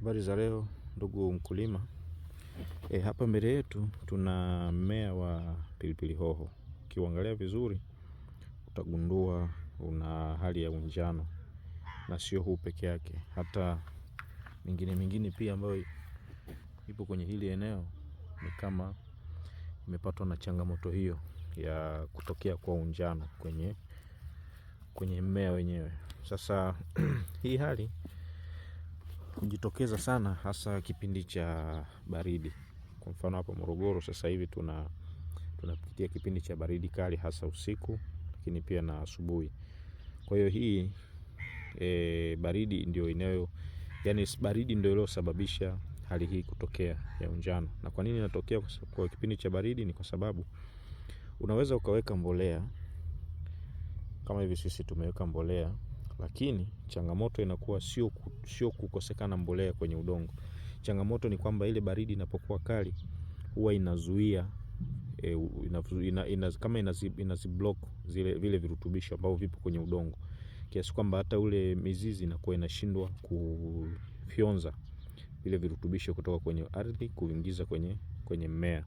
Habari za leo ndugu mkulima. E, hapa mbele yetu tuna mmea wa pilipili hoho. Ukiuangalia vizuri utagundua una hali ya unjano, na sio huu peke yake, hata mingine mingine pia ambayo ipo kwenye hili eneo ni kama imepatwa na changamoto hiyo ya kutokea kwa unjano kwenye kwenye mmea wenyewe. Sasa hii hali kujitokeza sana hasa kipindi cha baridi. Kwa mfano hapa Morogoro sasa hivi tuna tunapitia kipindi cha baridi kali hasa usiku lakini pia na asubuhi. Kwa hiyo hii e, baridi ndio inayo yani baridi ndio iliyosababisha hali hii kutokea ya unjano. Na kwa nini inatokea kwa kipindi cha baridi? Ni kwa sababu unaweza ukaweka mbolea kama hivi sisi tumeweka mbolea lakini changamoto inakuwa sio sio kukosekana mbolea kwenye udongo. Changamoto ni kwamba ile baridi inapokuwa kali huwa inazuia e, ina, ina, ina, kama inaziblock inazi zile vile virutubisho ambavyo vipo kwenye udongo kiasi kwamba hata ule mizizi inakuwa inashindwa kufyonza vile virutubisho kutoka kwenye ardhi kuingiza kwenye mmea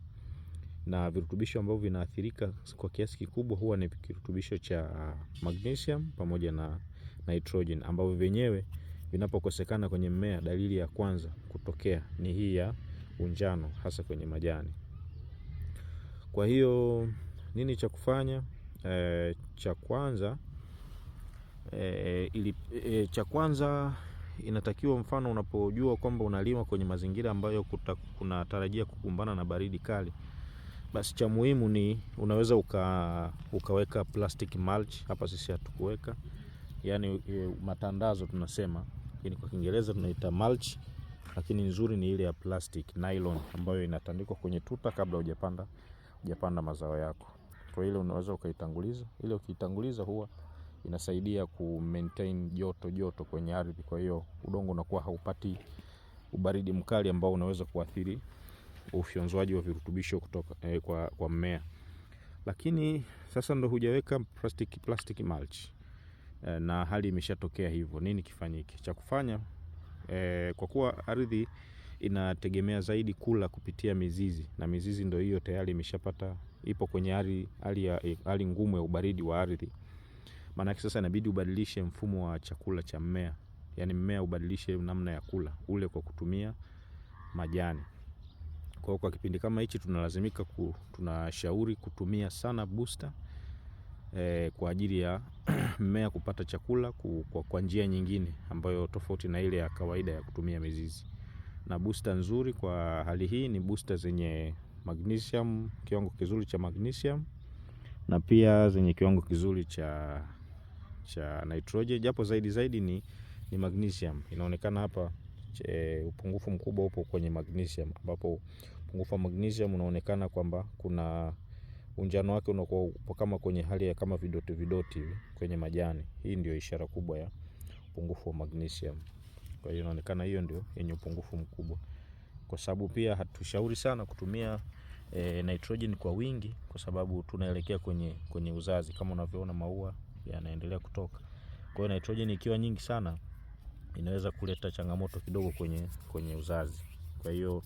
na virutubisho ambavyo vinaathirika kwa kiasi kikubwa huwa ni kirutubisho cha magnesium pamoja na nitrogen ambavyo vyenyewe vinapokosekana kwenye mmea, dalili ya kwanza kutokea ni hii ya unjano hasa kwenye majani. Kwa hiyo nini cha kufanya? E, cha kwanza e, ili, e, cha kwanza inatakiwa mfano, unapojua kwamba unalima kwenye mazingira ambayo kunatarajia kukumbana na baridi kali, basi cha muhimu ni unaweza uka, ukaweka plastic mulch. Hapa sisi hatukuweka yani e, matandazo tunasema, lakini kwa Kiingereza tunaita mulch, lakini nzuri ni ile ya plastic nylon ambayo inatandikwa kwenye tuta kabla hujapanda hujapanda mazao yako. Kwa ile unaweza ukaitanguliza, ile ukiitanguliza huwa inasaidia ku maintain joto joto kwenye ardhi, kwa hiyo udongo unakuwa haupati ubaridi mkali ambao unaweza kuathiri ufyonzwaji wa virutubisho kutoka eh, kwa, kwa mmea. Lakini sasa ndo hujaweka plastic, plastic mulch e, na hali imeshatokea hivyo, nini kifanyike cha kufanya? E, kwa kuwa ardhi inategemea zaidi kula kupitia mizizi na mizizi ndio hiyo tayari imeshapata ipo kwenye hali hali ngumu ya ubaridi wa ardhi. Maanake sasa inabidi ubadilishe mfumo wa chakula cha mmea, yani mmea ubadilishe namna ya kula ule kwa kutumia majani. Kwa kwa kipindi kama hichi tunalazimika ku, tunashauri kutumia sana booster e, kwa ajili ya mmea kupata chakula kwa, kwa njia nyingine ambayo tofauti na ile ya kawaida ya kutumia mizizi. Na busta nzuri kwa hali hii ni busta zenye magnesium, kiwango kizuri cha magnesium na pia zenye kiwango kizuri cha cha nitrogen, japo zaidi zaidi ni, ni magnesium. Inaonekana hapa che, upungufu mkubwa upo kwenye magnesium, ambapo upungufu wa magnesium unaonekana kwamba kuna unjano wake unakuwa upo kama kwenye hali ya kama vidoti vidoti kwenye majani. Hii ndio ishara kubwa ya upungufu wa magnesium. Kwa hiyo inaonekana hiyo ndio yenye upungufu mkubwa, kwa sababu pia hatushauri sana kutumia e, nitrogen kwa wingi, kwa sababu tunaelekea kwenye, kwenye uzazi kama unavyoona maua yanaendelea kutoka. Kwa hiyo nitrogen ikiwa nyingi sana inaweza kuleta changamoto kidogo kwenye, kwenye uzazi kwa hiyo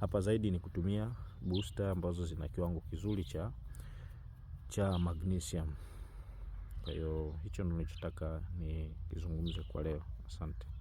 hapa zaidi ni kutumia booster ambazo zina kiwango kizuri cha, cha magnesium. Kwa hiyo hicho nilichotaka ni nikizungumze kwa leo. Asante.